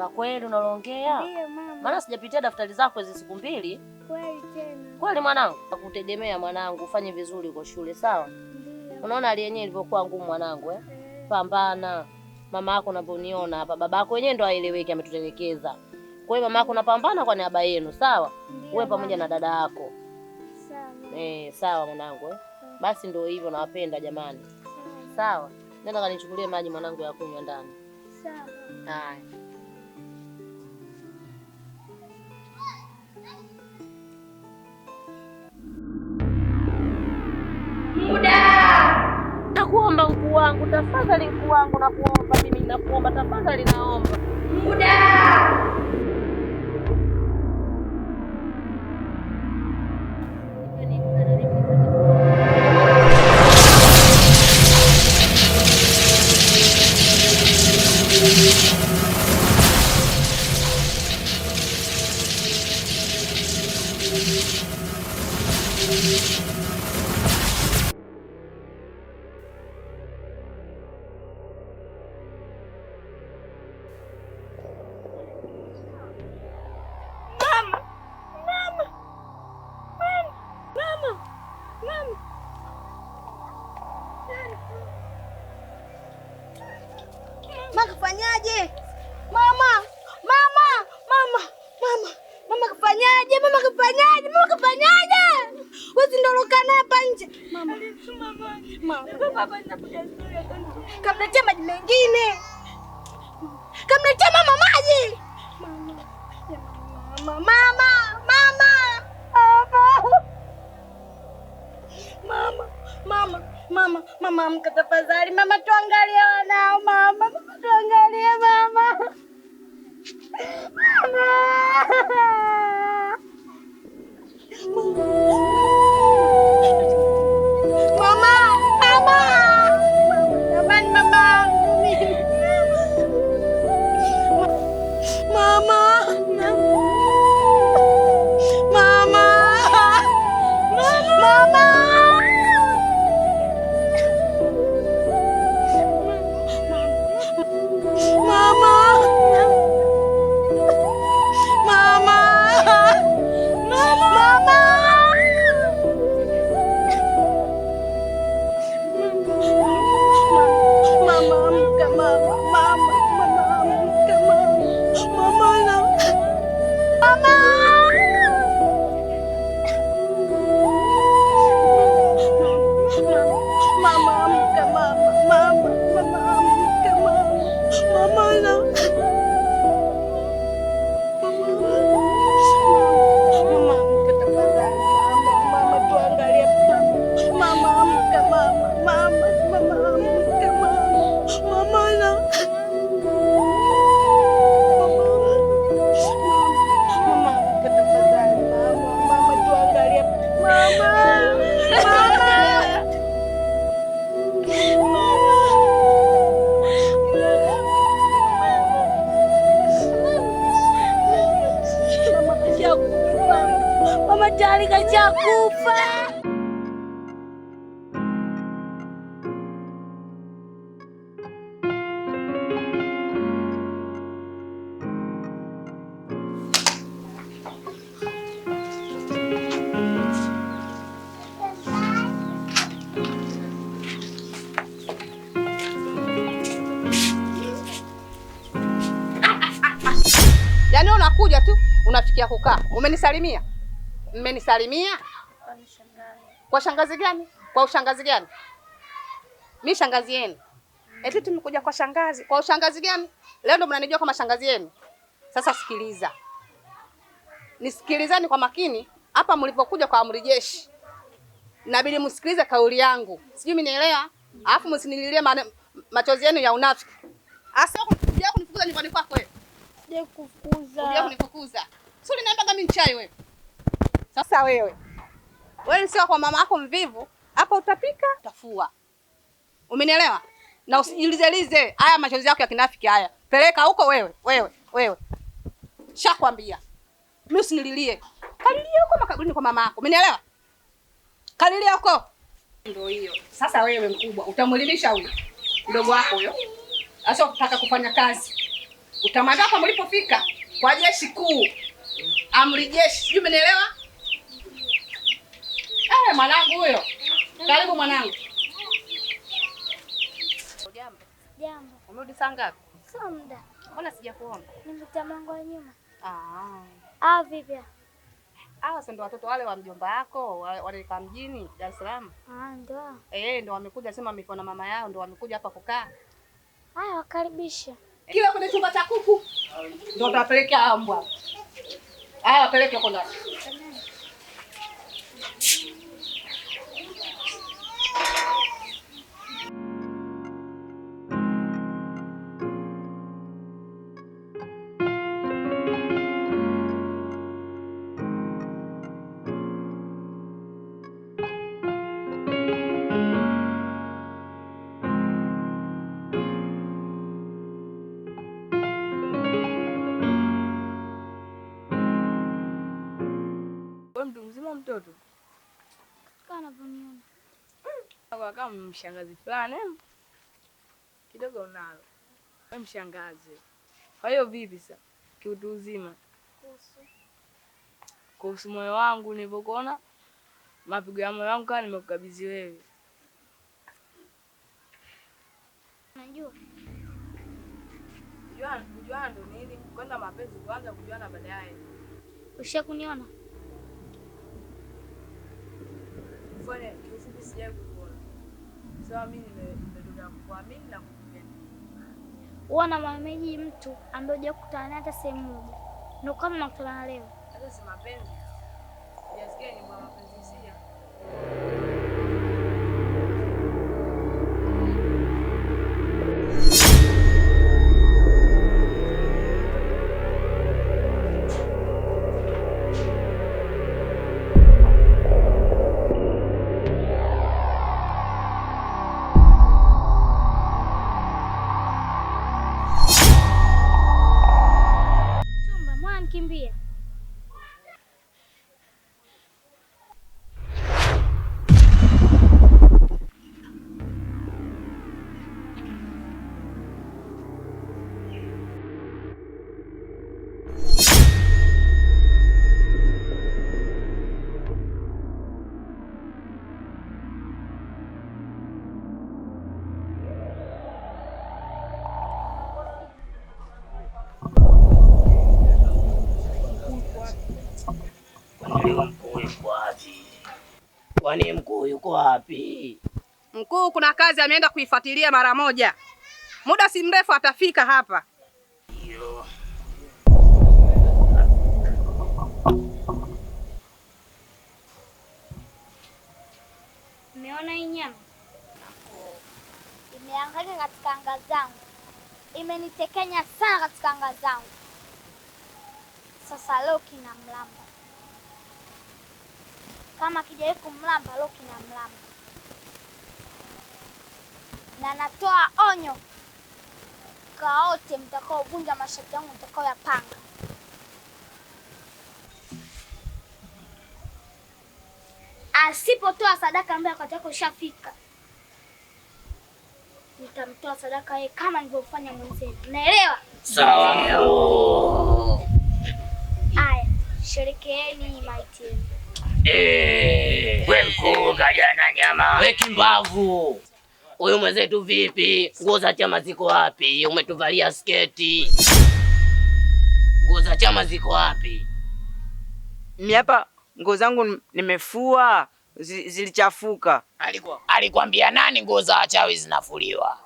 La kweli unaloongea? Ndio mama. Maana sijapitia daftari zako hizo siku mbili. Kweli tena. Kweli mwanangu, nakutegemea mwanangu, ufanye vizuri kwa shule, sawa? Ndio. Unaona hali yenyewe ilivyokuwa ngumu mwanangu eh? eh. Pambana. Mama yako unavyoniona hapa, baba yako wenyewe ndo aeleweki ametutelekeza. Kwa hiyo mama yako unapambana kwa niaba yenu, sawa? Wewe pamoja na dada yako. Sawa. Eh, sawa mwanangu eh? eh? Basi ndio hivyo, nawapenda jamani. Sawa. Nenda kanichukulie maji mwanangu ya kunywa ndani. Sawa. Haya. wangu, tafadhali mkuu wangu, nakuomba mimi, nakuomba tafadhali, naomba muda Mama kafanyaje? Mama, mama, mama, mama, mama kafanyaje? Mama kafanyaje? Mama kafanyaje? Wewe ndoroka naye hapa nje. Mama, mama, Kamletea maji mengine. Kamletea mama maji. Mama, mama, mama, mama. Mama, mama, mama, mama, amka tafadhali. Mama Mama. wanao. Bye. ya kukaa. Umenisalimia? Mmenisalimia? Kwa shangazi gani? Kwa ushangazi gani? Mi shangazi yenu. Mm. Eti tumekuja kwa shangazi. Kwa ushangazi gani? Leo ndo mnanijua kama shangazi yenu. Sasa sikiliza. Nisikilizani kwa makini hapa mlipokuja kwa amri jeshi. Nabidi msikilize kauli yangu. Sijui mnielewa? Alafu msinililie machozi yenu ya unafiki. Asio kunifukuza nyumbani kwako wewe. Sije kufukuza. Sije kunifukuza. Si uliniambiaga mimi mchai wewe. Sasa wewe. Wewe sio kwa mama yako mvivu, hapa utapika, utafua. Umenielewa? Na usijilizelize haya machozi yako ya kinafiki haya. Peleka huko wewe, wewe, wewe. Shakwambia. Mimi usinililie. Kalilia huko makaburini kwa mama yako. Umenielewa? Kalilia huko. Ndio hiyo. Sasa wewe mkubwa, utamwelimisha huyo mdogo wako huyo. Sasa kutaka kufanya kazi. Utamwandaa kama ulipofika kwa jeshi kuu amri jeshi, sijui umenielewa? Eh, mwanangu huyo, karibu mwanangu. Jambo. Jambo. Umerudi saa ngapi? Sio muda. Mbona sijakuona? Nimetamango nyuma. Ah. Ah, vipi? Ah, sasa ndo watoto wale wa mjomba yako wanakaa mjini Dar es Salaam? Ah, ndo. Eh, ndo wamekuja sema miko na mama yao ndo wamekuja hapa kukaa. Haya, wakaribisha. Kila kwenye chumba cha kuku Ndio tutapelekea hao mbwa. Haya, ah, peleke huko ndani. mtoto anavyoniona kama mshangazi fulani eh? kidogo unalo wewe mshangazi. Kwa hiyo vipi sasa kiutu uzima kuhusu moyo wangu, nilivyokuona mapigo ya moyo wangu kama nimekukabidhi wewe. Unajua kujua ndo nini, kwanza mapenzi kwanza kujuana baadaye. Ushakuniona? kufanya kiufupi, Mimi kuamini na Huwa namwamini mtu ambaye hujawahi kukutana naye hata sehemu moja, ndio kama nakutana leo. Hata si mapenzi, sijasikia ni mapenzi, sio Mkuu kuna kazi ameenda kuifuatilia mara moja, muda si mrefu atafika hapa. Umeona hii nyama imeangalia katika anga zangu, imenitekenya sana katika anga zangu. Sasa leo kina mlamba, kama kijawahi kumlamba, leo kina mlamba na natoa onyo kwa wote mtakaovunja masharti yangu mtakaoyapanga. Asipotoa sadaka ambayo wakati wako ushafika, nitamtoa sadaka yeye kama nilivyofanya mwenzenu. Naelewa? Sawa. Haya, sherekeeni maiti yenu. Eh, wewe mkunga jana nyama. Weki Huyu mwenzetu vipi? Nguo za chama ziko wapi? Umetuvalia sketi, nguo za chama ziko wapi? Mimi hapa nguo zangu nimefua, zilichafuka. Alikuwa alikwambia nani nguo za wachawi zinafuliwa?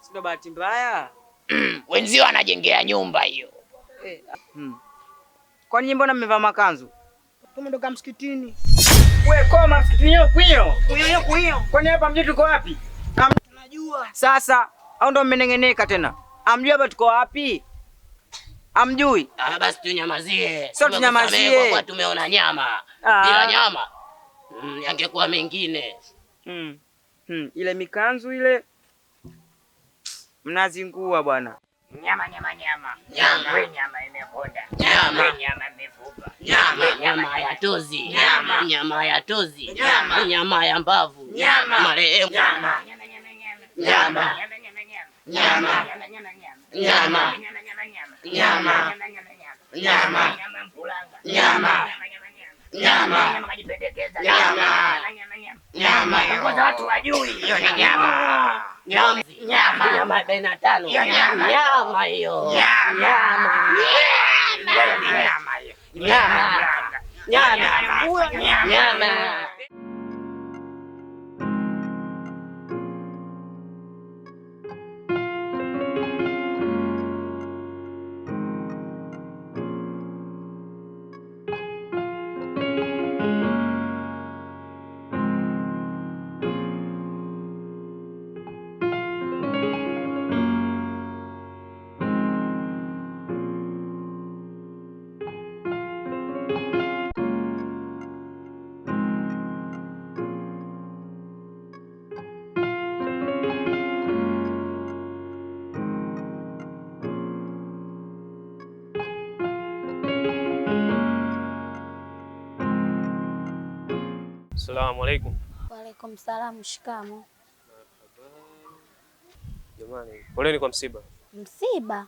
Sio bahati mbaya. Mm, wenzio anajengea nyumba hiyo. Eh, Hmm. Kwa nini mbona mmevaa makanzu? Tumetoka msikitini. Wewe koma msikitini hiyo kwio. Kwio hiyo kwio. Kwani hapa mjitu uko wapi? tunajua sasa, au ndo mmenengeneka tena? Amjui hapa tuko wapi? Amjui Ah, basi, tunyamazie. Sio tunyamazie kwa tumeona nyama, ah. bila nyama mm, yangekuwa mengine mm. Mm. Ile mikanzu ile mnazingua bwana. Nyama nyama nyama. Nyama nyama imekonda. Nyama nyama imevuka. Nyama nyama ya tozi. Nyama nyama ya tozi. Nyama nyama ya mbavu. Nyama marehemu. Nyama. Nyama nyama nyama nyama nyama nyama nyama nyama nyama nyama nyama nyama nyama. Nyama nyama nyama nyama nyama nyama nyama nyama Assalamu alaikum. Wa alaikum shikamu Shikamo. Jamani, poleni kwa msiba. Msiba?